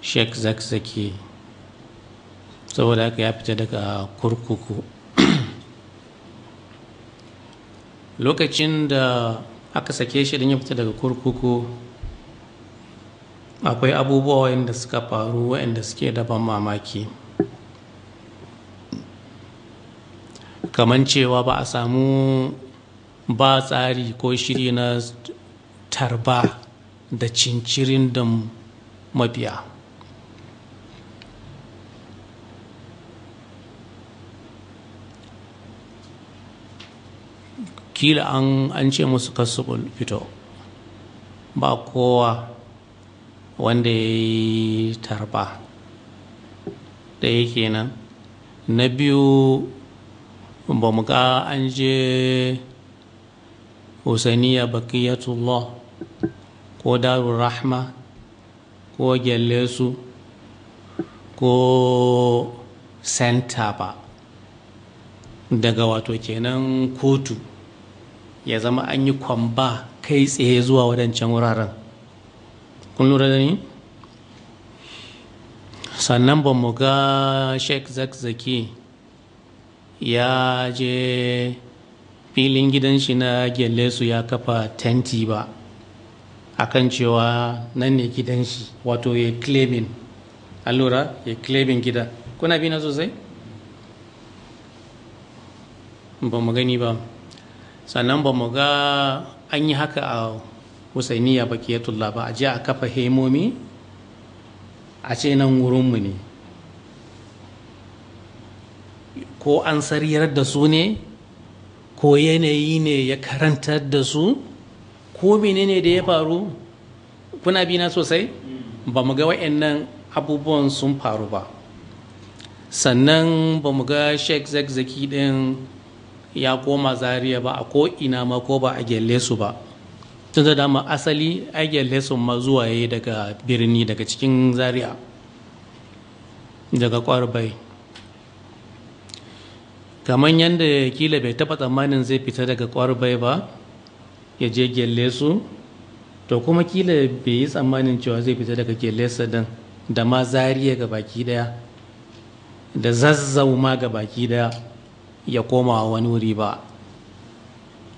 Sheik Zakzaki saboda haka ya fita daga kurkuku lokacin da aka sake shi don ya fita daga kurkuku akwai abubuwa wayanda suka faru wayanda suke da ban mamaki kamar cewa ba a samu ba tsari ko shiri na tarba da cincirin da mu. mabiya kila an ce musu kasu fito ba kowa wanda ya yi tarba yake nan. na biyu ba mu ga an je husaniya bakiyatullah ko darul rahma ko gyalle su ko senta ba daga wato kenan kotu ya zama an yi kwamba kai tsaye zuwa wadancan wuraren kun lura da ni sannan ba mu ga sheik zakzaki ya je filin gidan shi na gyalle su ya kafa tenti ba akan cewa nan ne gidan shi wato ya claiming allura ya claiming gida kuna bi na sosai ba mu gani ba sannan ba mu ga an yi haka a husainiya bakiyatullah ba a je a kafa hemomi a ce nan wurinmu ne ko an sariyar da su ne ko yanayi ne ya karantar da su ko menene da ya faru kuna bina sosai ba mu ga wa'annan abubuwan sun faru ba sannan ba mu ga shek zakzaki din ya koma zaria ba a ko ina ma ko ba a gyalle su ba tun da dama asali a gyalle su ma zuwa ya daga birni daga cikin zaria daga kwarbai kamar yadda kila bai taɓa tsammanin zai fita daga kwarbai ba ya je gelle su to kuma kila bai yi tsammanin cewa zai fita daga gelle su din da ma zariya ga baki daya da zazzau ma ga baki daya ya koma wani wuri ba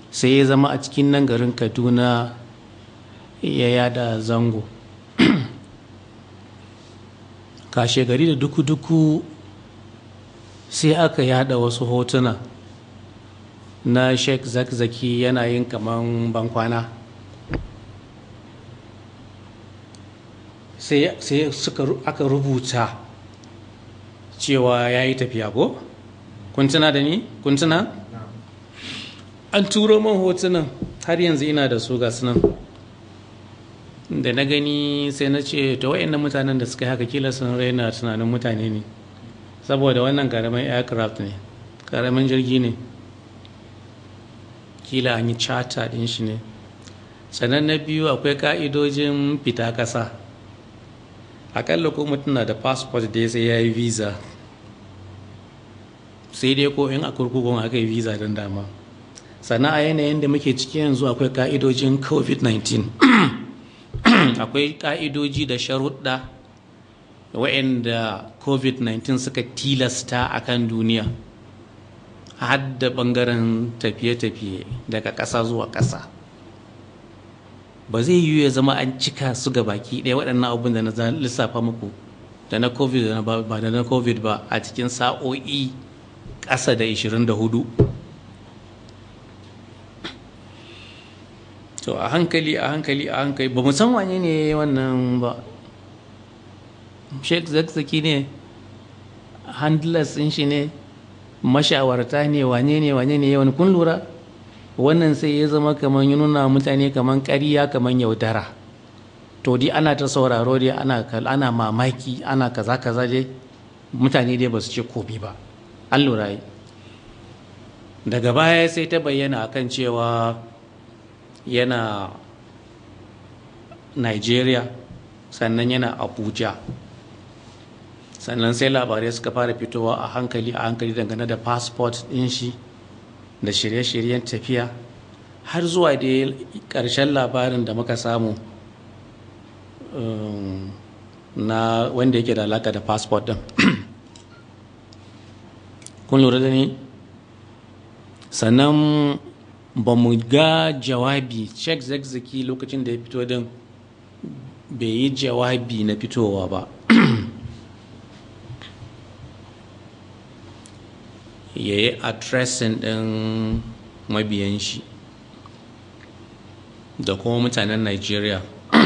sai ya zama a cikin nan garin kaduna ya yada zango kashe gari da duku-duku sai aka yada wasu hotuna na sheik zakzaki yana yin kaman bankwana sai suka aka rubuta cewa ya yi tafiya ko? kuntuna da ni? kuntuna? an turo man hotunan har yanzu ina da su ga sunan da na gani sai na ce ta wa'annan mutanen da suka haka kila sun raina tunanin mutane ne saboda wannan karamin aircraft ne karamin jirgi ne kila an yi charter din shi ne sannan na biyu akwai ka'idojin fita kasa. akalla ko mutum na da passport da sai ya yi visa sai dai ko in a kurkukun aka yi visa don dama sannan a yanayin da muke ciki yanzu akwai ka'idojin covid-19 akwai ka'idoji da sharuɗa wa'inda covid-19 suka tilasta a kan duniya har da bangaren tafiye-tafiye daga ƙasa zuwa ƙasa ba zai yiwu ya zama an cika su ga baki ɗaya waɗannan abin da na lissafa muku da na covid ba da na covid ba a cikin sa'o'i ƙasa da 24 to a hankali a hankali a hankali ba mu san wane ne wannan ba sheik zakzaki ne handlers ɗin shi ne mashawarta ne wane ne wane ne yawan kun lura wannan sai ya zama kamar yi nuna mutane kamar ƙarya kamar yaudara to di ana ta sauraro dai ana ana mamaki ana kaza kaza dai mutane dai ba su ce kobi ba an lura yi daga baya sai ta bayyana akan cewa yana nigeria sannan yana abuja sannan sai labarai suka fara fitowa a hankali a hankali dangane da passport din shi da shirye-shiryen tafiya har zuwa da ƙarshen labarin da muka samu um, na wanda yake da alaka da passport din. kun lura da ni sannan ba mu ga jawabi check zaki lokacin da ya fito din bai yi jawabi na fitowa ba ya yi addressing ɗin mabiyan shi da kuma mutanen nigeria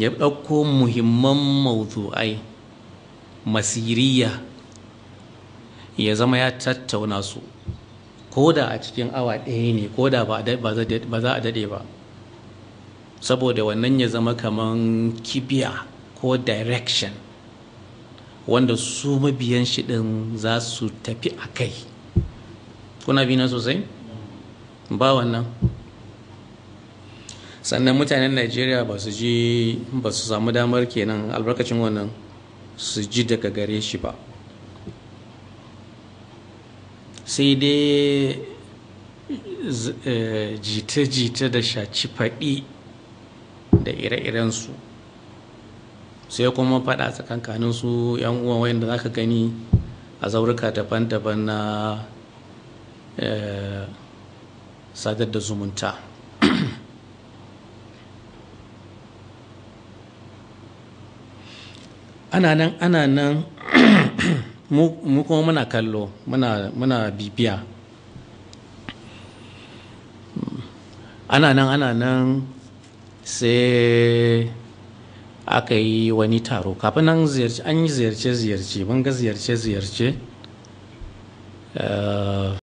ya ɗauko muhimman mawdu'ai masiriya ya zama ya tattauna su ko da a cikin awa ɗaya ne ko da ba za a daɗe ba saboda wannan ya zama kaman kibiya ko direction wanda su mabiyan shi din za su tafi a kai kuna bi na sosai ba wannan sannan mutanen najeriya ba su ji ba su samu damar kenan albarkacin wannan su ji daga gare shi ba sai dai eh, jita-jita da shaci faɗi da ire-irensu sai kuma faɗa tsakankanin su yan uwan da zaka gani a zaurika daban-daban na eh, sadar da zumunta ana nan ana nan mu kuma muna kallo muna bibiya ana nan ana nan sai aka yi wani taro kafin nan an yi ziyarce-ziyarce mun ga ziyarce-ziyarce eh,